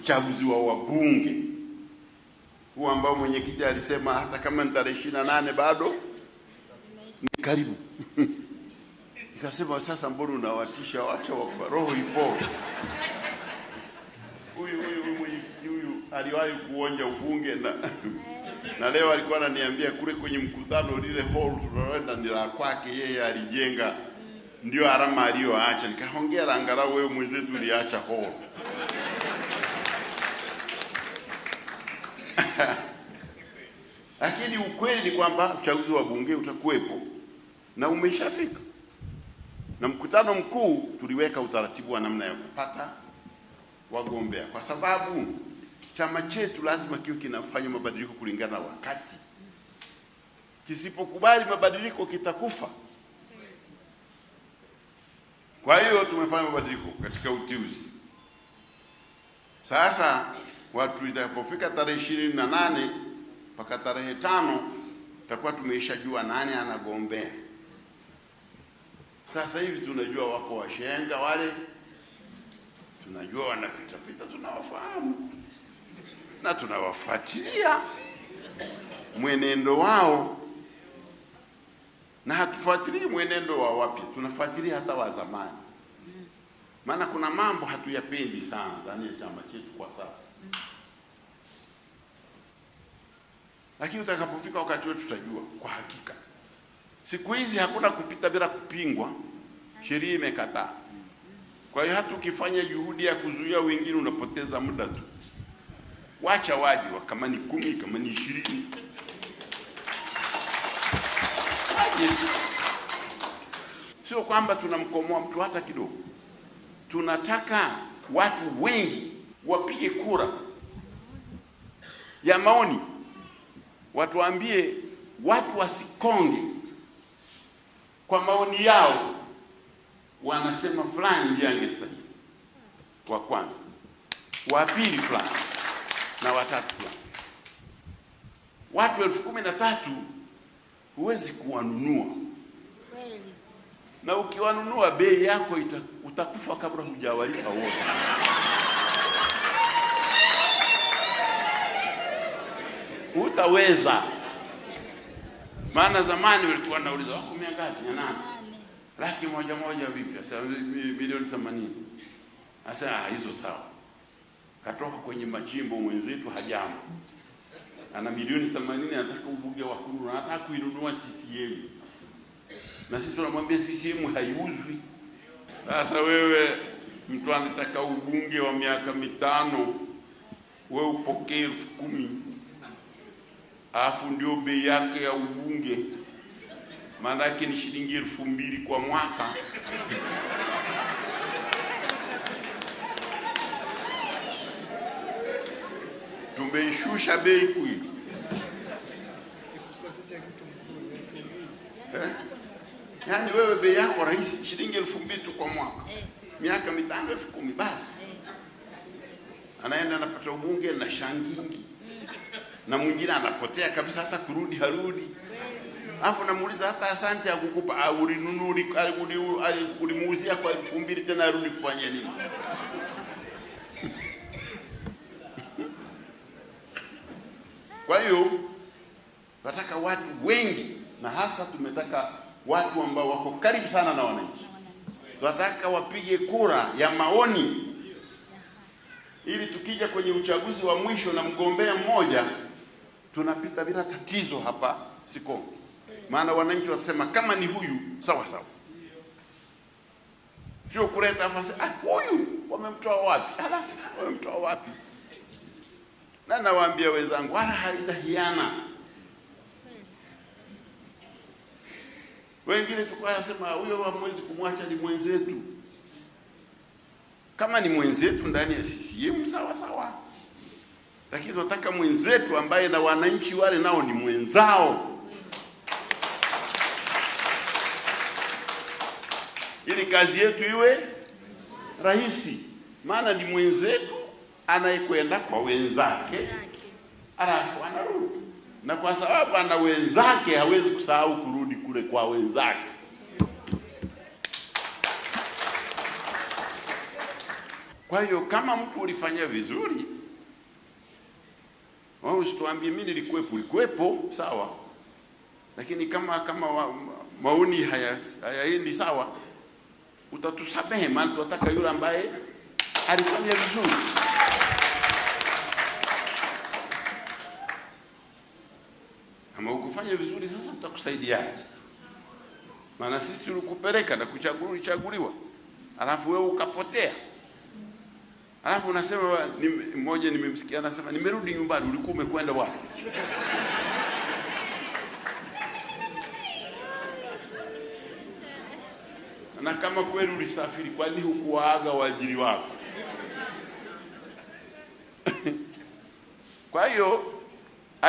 uchaguzi wa wabunge huu ambao mwenyekiti alisema hata kama ni tarehe ishirini na nane bado ni karibu. Nikasema sasa, mbona unawatisha? Wacha wa roho ipo. Huyu huyu mwenyekiti huyu aliwahi kuonja ubunge na na leo alikuwa ananiambia kule kwenye mkutano lile hall tunaenda ni la kwake, yeye alijenga, ndio alama aliyoacha. Nikaongea, angalau wewe mwenzetu uliacha hall lakini ukweli kwamba uchaguzi wa bunge utakuwepo na umeshafika, na mkutano mkuu tuliweka utaratibu wa namna ya kupata wagombea, kwa sababu chama chetu lazima kiwe kinafanya mabadiliko kulingana na wakati. Kisipokubali mabadiliko kitakufa. Kwa hiyo tumefanya mabadiliko katika uteuzi sasa watu itakapofika tarehe ishirini na nane mpaka tarehe tano tutakuwa tumeishajua nani anagombea. Sasa hivi tunajua wako washenga wale, tunajua wanapitapita, tunawafahamu na tunawafuatilia mwenendo wao, na hatufuatilii mwenendo wa wapya, tunafuatilia hata wa zamani maana kuna mambo hatuyapendi sana ndani ya chama chetu kwa sasa, lakini utakapofika wakati wetu tutajua kwa hakika. Siku hizi hakuna kupita bila kupingwa, sheria imekataa. Kwa hiyo hata ukifanya juhudi ya kuzuia wengine, unapoteza muda tu. Wacha waje wa kama ni kumi, kama ni ishirini, sio kwamba tunamkomoa mtu hata kidogo tunataka watu wengi wapige kura ya maoni, watuambie watu wasikonge kwa maoni yao, wanasema fulani ndiye angestahili wa kwanza, wa pili fulani na watatu fulani. Watu elfu kumi na tatu huwezi kuwanunua na ukiwanunua bei yako ita, utakufa kabla hujawalipa wote. Utaweza maana zamani walikuwa nauliza wako mia ngapi na nani, laki moja moja, vipi? Sasa milioni themanini. Sasa ah, hizo sawa, katoka kwenye majimbo mwenzetu hajama ana milioni themanini, anataka ubunge wa kununua, anataka kuinunua CCM na sisi tunamwambia CCM haiuzwi. Sasa wewe mtu anataka ubunge wa miaka mitano, we upokee elfu kumi alafu ndio bei yake ya ubunge, maana yake ni shilingi elfu mbili kwa mwaka tumeishusha bei kweli yaani wewe bei yako rahisi shilingi elfu mbili tu kwa mwaka, eh. miaka mitano elfu kumi basi eh. anaenda anapata ubunge na shangingi, eh. na mwingine anapotea kabisa, hata kurudi harudi. Alafu namuuliza hata asante akukupa, ah, ulinunuli ulimuuzia kwa elfu mbili tena arudi kufanya nini? Kwa hiyo nataka watu wengi, na hasa tumetaka watu ambao wako karibu sana na wananchi. Tunataka wapige kura ya maoni ili tukija kwenye uchaguzi wa mwisho na mgombea mmoja tunapita bila tatizo hapa Sikonge, maana wananchi wasema kama ni huyu sawa sawa, sio kuleta afasi ah, huyu wamemtoa wapi? Ala, ah, wamemtoa wapi? Na nawaambia wenzangu, wala haina hiana Wengine tulikuwa nasema huyo hamwezi kumwacha, ni mwenzetu. Kama ni mwenzetu ndani ya CCM sawa sawa, lakini tunataka mwenzetu ambaye na wananchi wale nao ni mwenzao, ili kazi yetu iwe rahisi, maana ni mwenzetu anayekwenda kwa wenzake alafu anarudi, na kwa sababu ana wenzake hawezi kusahau kurudi kule kwa wenzake. Kwa hiyo kama mtu ulifanya vizuri, wewe usituambie mimi nilikuwepo. Ulikuwepo sawa, lakini kama kama wa, maoni hayaendi haya sawa, utatusamehe, maana tunataka yule ambaye alifanya vizuri. Ama ukufanya vizuri, sasa tutakusaidiaje? maana sisi tulikupeleka na kuchaguliwa, ulichaguliwa alafu wewe ukapotea, alafu unasema mmoja, nimemsikia anasema nimerudi nyumbani. Ulikuwa umekwenda wapi? na kama kweli ulisafiri, kwani hukuwaaga waajiri wako? kwa hiyo